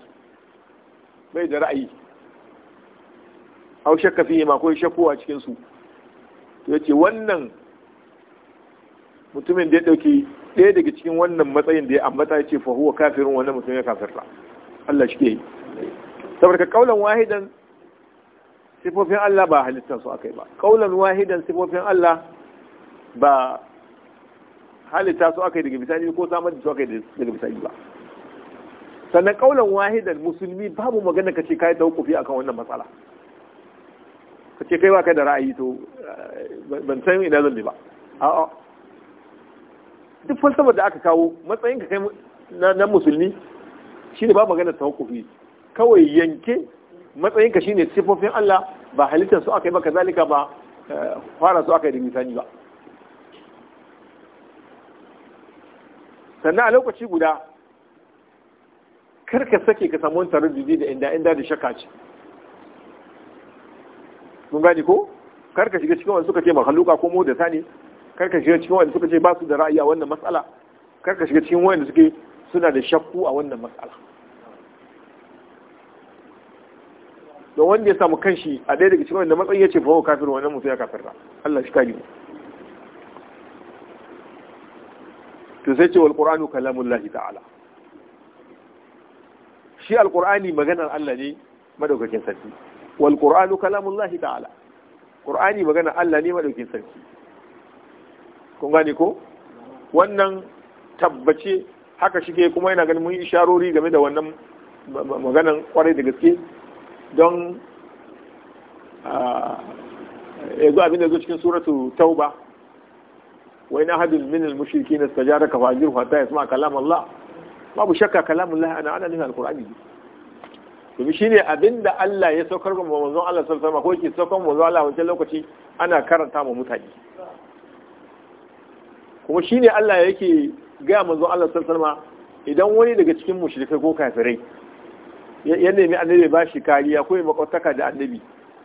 bai da ra'ayi au shakka fiye ma ko shakku a cikin su to yace wannan mutumin da ya ɗauki ɗaya daga cikin wannan matsayin da ya ambata ya ce fa huwa kafirin wannan mutumin ya kafirta Allah shi ke yi saboda ka kaulan wahidan sifofin Allah ba halittar su akai ba kaulan wahidan sifofin Allah ba halitta su akai daga misali ko samar da su akai daga misali ba sannan kaulan wahidan musulmi babu magana ka ce ka yi a akan wannan matsala ka ce kai ba kai da ra'ayi to eh, ban san ina zan ba a'a duk falsafar da aka kawo matsayin ka kai na musulmi shine ba magana tawakkufi kawai yanke matsayin ka shine sifofin Allah ba halittar su aka yi maka kazalika ba eh, fara su aka yi da misali ba sannan a lokaci guda karka sake ka samu tarin jiji da inda inda da shakka ce mun gani ko karka shiga cikin wani suka ce mahaluka ko mu da sani karka shiga cikin wanda suka ce ba su da ra'ayi a wannan matsala karka shiga cikin wanda suke suna da shakku a wannan matsala don wanda ya samu kanshi a ɗaya daga cikin wanda matsayi ya ce fa kafin wannan mutum ya kafirta Allah shi kari to sai ce wal qur'anu kalamullahi ta'ala shi alƙur'ani maganar Allah ne madaukakin sarki wal qur'anu kalamullahi ta'ala qur'ani maganar Allah ne madaukakin sarki kun gane ko wannan tabbace haka shige kuma yana ganin mun yi isharori game da wannan maganan kwarai da gaske don yanzu abin da zo cikin suratu tauba wai na hadin min al-mushriki na stajara ka fajir hatta yasma kalam Allah babu shakka kalam Allah ana ana nufin alqur'ani domin ne abin da Allah ya saukar ga manzon Allah sallallahu alaihi wasallam ko yake saukar manzon Allah wancan lokaci ana karanta ma mutane kuma shi ne Allah yake gaya manzon Allah sallallahu idan wani daga cikin mushrikai ko kafirai ya nemi annabi ya bashi kariya ko ya makwataka da annabi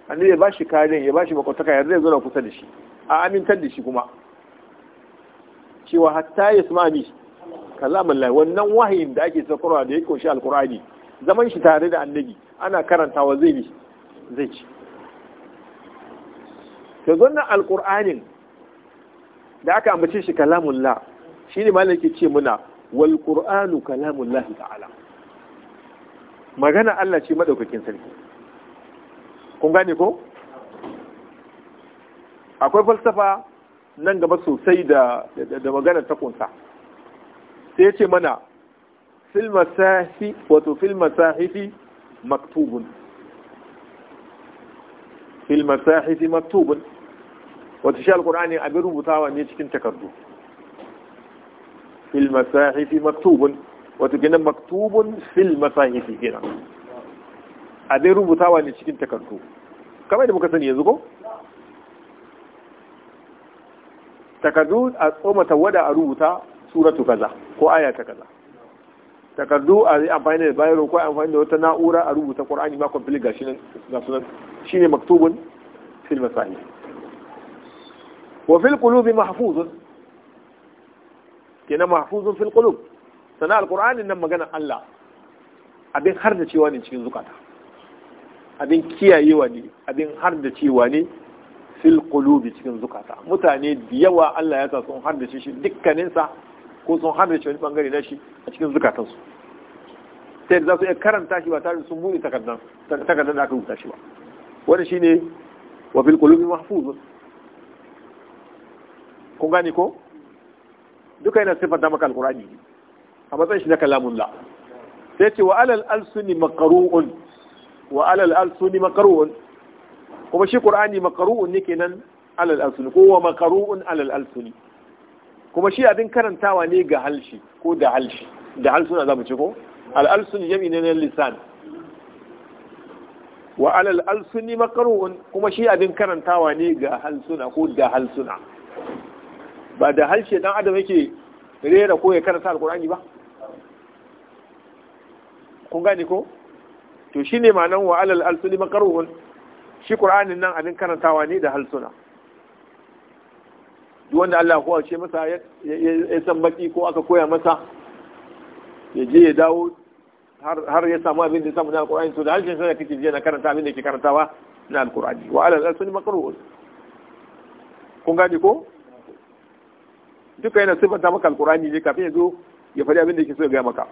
annabi ya bashi kariya ya bashi makwataka ya zai zo kusa da shi a amintar da shi kuma cewa hatta ya suma ni kalamun lahi wannan wahayin da ake saukarwa da ya koshi alkurani zaman shi tare da annabi ana karantawa zai bi zai ci ka zonan alkur'anin da aka ambace shi kalamullah shi ne malam yake ce muna wal qur'anu kalamullah ta'ala magana Allah ce madaukakin sarki kun gane ko akwai falsafa nan gaba sosai da da magana ta kunsa sai ya ce mana fil masahi wato fil masahifi maktubun fil masahifi maktubun wata shi alkur'ani abin rubutawa ne cikin takardu fil masahifi maktubun wata gina maktubun fil masahifi gina abin rubutawa ne cikin takardu kamar da muka sani yanzu ko takardu a tsoma tawada a rubuta suratu kaza ko ayata gaza? kaza takardu a yi amfani da bayero ko amfani da wata na'ura a rubuta ƙwar'ani ma kwamfili ga shi ne maktubun fil masahifi wa القلوب محفوظ كنا محفوظ في القلوب qulub القرآن alqur'anin nan الله Allah abin har da cewa ne cikin zukata abin خرد ne abin har da cewa ne fil الله cikin zukata mutane da yawa Allah ya sa sun har da shi dukkaninsa ko sun bangare na shi a cikin zukatansu sai za su iya karanta shi ba tare sun buɗe takardar da aka rubuta shi ba wani shi ne wa filkulubi kun gane ko duka yana sifanta maka alkur'ani a matsayin shi na kalamun la sai ce wa alal alsuni makaru'un wa alal alsuni makaru'un kuma shi qur'ani makaru'un ne kenan alal alsuni ko wa makaru'un alal alsuni kuma shi abin karantawa ne ga halshi ko da halshi da halsuna zamu ce ko al alsuni jami'i ne na lisan wa alal alsuni makaru'un kuma shi abin karantawa ne ga halsuna ko da halsuna ba da harshe dan adam yake rera ko ya karanta alkur'ani ba kun gane ko to shine ma'anan wa alal alsuni makaruhun shi qur'anin nan abin karantawa ne da halsuna duk wanda Allah ko ce masa ya san baki ko aka koya masa ya je ya dawo har ya samu abin da samu na alkur'ani to da harshen sai kake je na karanta abin da ke karantawa na alkur'ani wa alal alsuni makaruhun kun gane ko duka yana sifanta maka alkurani ne kafin ya zo ya faɗi abin da yake so ya gaya maka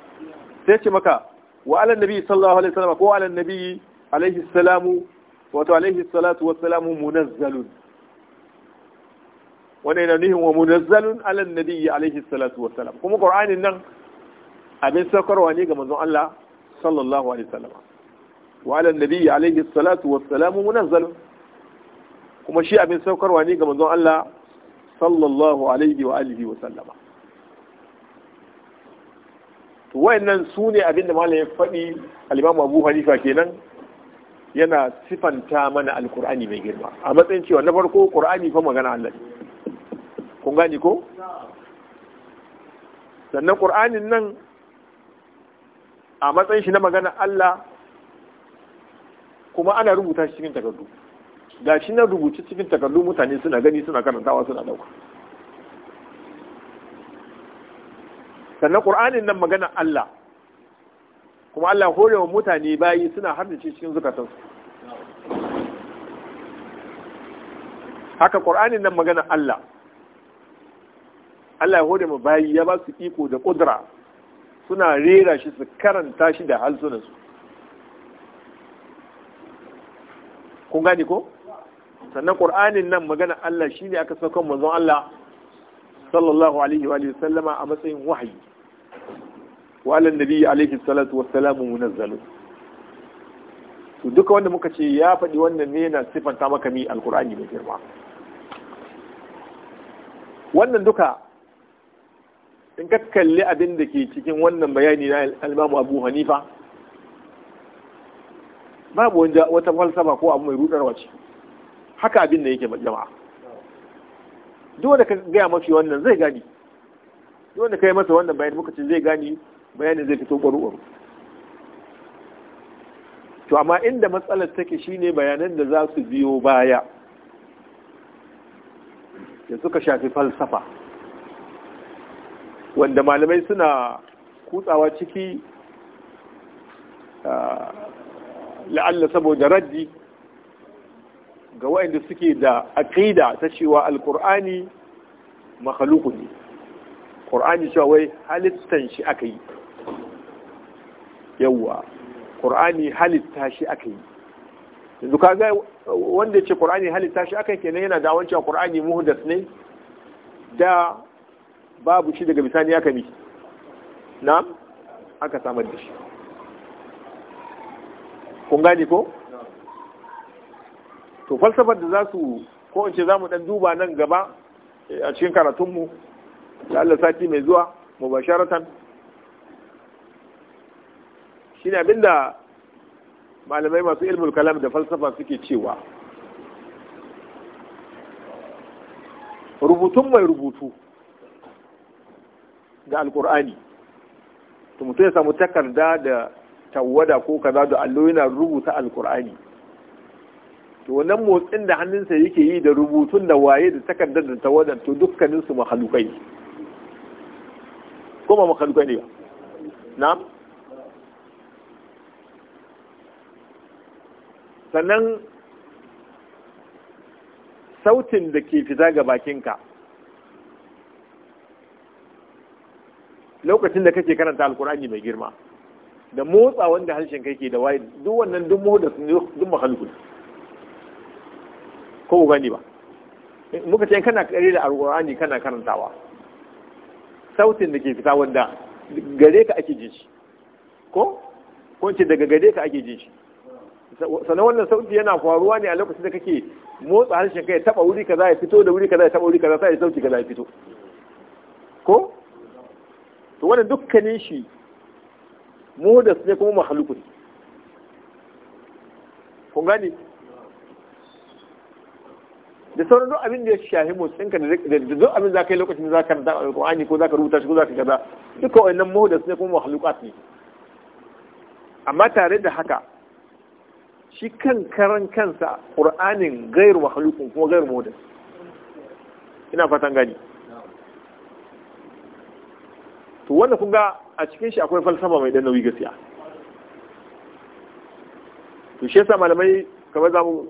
sai ce maka wa alan nabi sallallahu alaihi wasallam ko alan nabi alaihi salamu wato alaihi salatu wassalamu munazzalun wannan yana nihin wa munazzalun alan nabi alaihi salatu wassalam kuma qur'anin nan abin saukarwa ne ga manzon Allah sallallahu alaihi wasallam wa alan nabi alaihi salatu wassalamu munazzalun kuma shi abin saukarwa ne ga manzon Allah sallallahu alaihi wa alihi wa sallama to wayannan su ne abin da malam ya faɗi al imamu Abu Hanifa kenan yana sifanta mana al-Qur'ani mai girma a matsayin cewa na farko qur'ani fa magana Allah ne kun gani ko sannan qur'anin nan a matsayin shi na magana Allah kuma ana rubuta shi cikin takardu ga shi na rubuci cikin takardu mutane suna gani suna karantawa suna dauka sannan ƙur'anin nan magana Allah kuma Allah horewa mutane bayi suna hardace cikin zukatansu haka ƙur'anin nan magana Allah Allah ya hore mu bayi ya ba su iko da ƙudura suna rera shi su karanta shi da halsunansu kun gane ko? sannan qur'anin nan magana Allah shi ne aka saukan manzon Allah sallallahu alaihi wa sallama a matsayin wahayi wa ala nabiyyi alaihi salatu wa salamu munazzalu to duka wanda muka ce ya faɗi wannan ne na sifanta maka mi alqur'ani mai girma wannan duka in ka kalli abin da ke cikin wannan bayani na almamu abu hanifa babu wata falsafa ko abu mai rudarwa ce haka abin da yake jama'a duk wanda ka gaya mafi wannan zai gani duk wanda ka yi masa wannan bayani muka ce zai gani bayanin zai fito ƙwaru-ƙwaru to amma inda matsalar take shine bayanan da za su biyo baya da suka shafi falsafa wanda malamai suna kutsawa ciki ah, la'alla saboda raddi ga wa'anda suke da aqida ta cewa alqur'ani makhluku ne qur'ani cewa wai halittan shi aka yi yawa qur'ani halitta shi aka yi yanzu kaga wanda ce qur'ani halitta shi aka yi kenan yana da wancan qur'ani muhdas ne da babu shi daga bisani aka bi na aka samar da shi kun gane ko to falsafar da za su ko in ce za mu dan duba nan gaba eh, a cikin karatunmu da Allah sati mai zuwa sharatan mubasharatan shine abinda malamai masu ilmul kalam da falsafa suke cewa rubutun mai rubutu ga alkur'ani to mutum ya samu takarda da tawada ko kaza da allo yana rubuta alkur'ani to wannan motsin da hannunsa yake yi da rubutun da waye da takardar da ta wadanta dukkanin su mahalukai kuma mahalukai ne ba na'am sannan sautin da ke fita ga bakinka lokacin da kake karanta alkur'ani mai girma da motsa wanda harshen kai ke da waye duk wannan duk yi duk mahalukai ko ku gani ba muka ce kana kare da alqur'ani kana karantawa sautin da ke fita wanda gare ka ake ji shi ko ko ce daga gare ka ake ji shi sannan wannan sauti yana faruwa ne a lokacin da kake motsa harshen kai taba wuri kaza ya fito da wuri kaza ya taba wuri kaza sai sauti kaza ya fito ko to wannan dukkanin shi su ne kuma mahalukun kun gani da sauran duk abin da ya shahi motsinka da duk abin za ka yi lokacin za ka ranta alƙur'ani ko za ka rubuta shi ko za ka nan duka da su ne kuma mahlukat ne amma tare da haka shi kan karan kansa ƙur'anin gair mahlukun kuma gair muhdas ina fatan gani to wanda kun ga a cikin shi akwai falsafa mai dan nauyi gaskiya to shi yasa malamai kamar zamu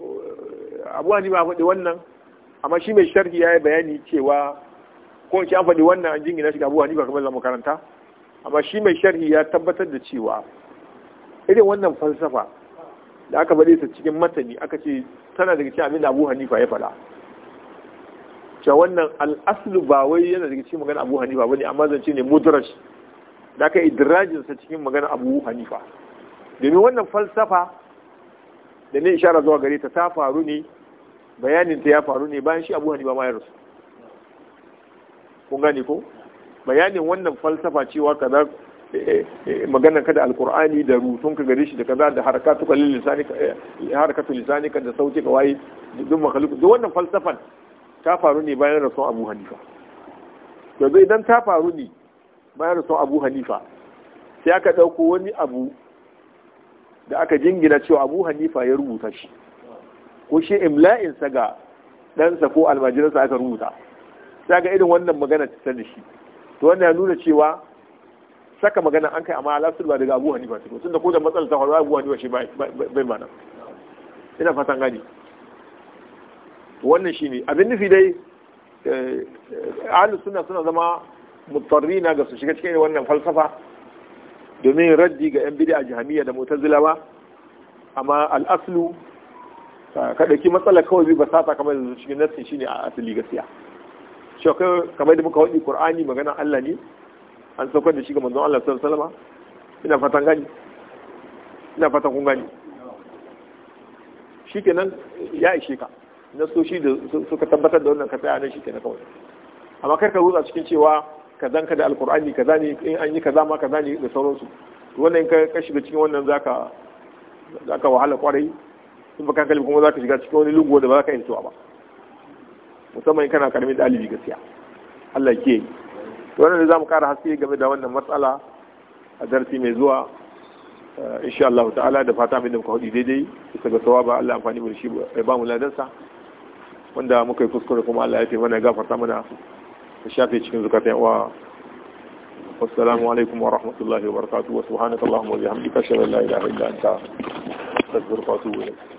abuwa ni ba faɗi wannan amma shi mai sharhi ya yi bayani cewa ko an amfani wannan an jingina shi ga abuwa nifa kamar zamu karanta amma shi mai sharhi ya tabbatar da cewa irin wannan falsafa da aka bade ta cikin matani aka ce tana daga cikin abin da abu hanifa ya fada cewa wannan al'aslu ba wai yana daga cikin magana abu hanifa bane amma zance ne mudrash da aka idrajin sa cikin magana abu hanifa domin wannan falsafa da ne ishara zuwa gare ta ta faru ne bayanin ta ya faru ne bayan shi abu hanifa ma ya rasu kun gane ko bayanin wannan falsafa cewa kaza eh, eh, maganar kada alkur'ani da rutun ka gare shi da kaza da eh, harakatu lisani harakatu lisani da sauke ka waye duk makaluku duk wannan falsafan ta faru ne bayan rasuwan abu hanifa yanzu idan ta faru ne bayan rasuwan abu hanifa sai aka ɗauko wani abu da aka jingina cewa abu hanifa ya rubuta shi ko shi imla'insa ga ɗansa ko almajiransa aka rubuta sai ga irin wannan magana ta sani shi to wannan ya nuna cewa saka magana an kai amma alasul ba daga abu hanifa ta tun ko da matsalar ta faru abu hanifa shi bai mana ina fatan gani wannan shi ne abin nufi dai eh, eh, ahlus suna suna zama mutarrina ga su shiga cikin wannan falsafa domin raddi ga yan bid'a jahmiya da mu'tazilawa amma al-aslu ka ɗauki matsala kawai ba basata kamar yanzu cikin nassin shine a asali gaskiya shi kai kamar da muka wadi qur'ani magana Allah ne an saukar da shi ga manzon Allah sallallahu alaihi wasallam ina fatan gani ina fatan kun gani shikenan ya ishe ka shi da suka tabbatar da wannan ka tsaya nan shikenan kawai amma kar ka rusa cikin cewa ka ka da alqur'ani kaza ne in an yi kaza ma kaza ne da sauransu wannan ka shiga cikin wannan zaka zaka wahala kwarai sun baka kalmi kuma za ka shiga cikin wani lungu da ba ka fitowa ba musamman in kana karamin ɗalibi gaskiya Allah ke wannan za mu kara haske game da wannan matsala a darasi mai zuwa eh, insha Allah ta'ala da fata mai da muka hudu daidai bisa ga sawaba Allah amfani mu da shi ba mu ladansa wanda muka yi kuskure kuma Allah ya fi mana gafarta mana ya shafe cikin zukatan wa wassalamu alaikum wa rahmatullahi wa barakatuh wa subhanakallahumma wa bihamdika ashhadu an la ilaha illa anta astaghfiruka wa atubu ilayk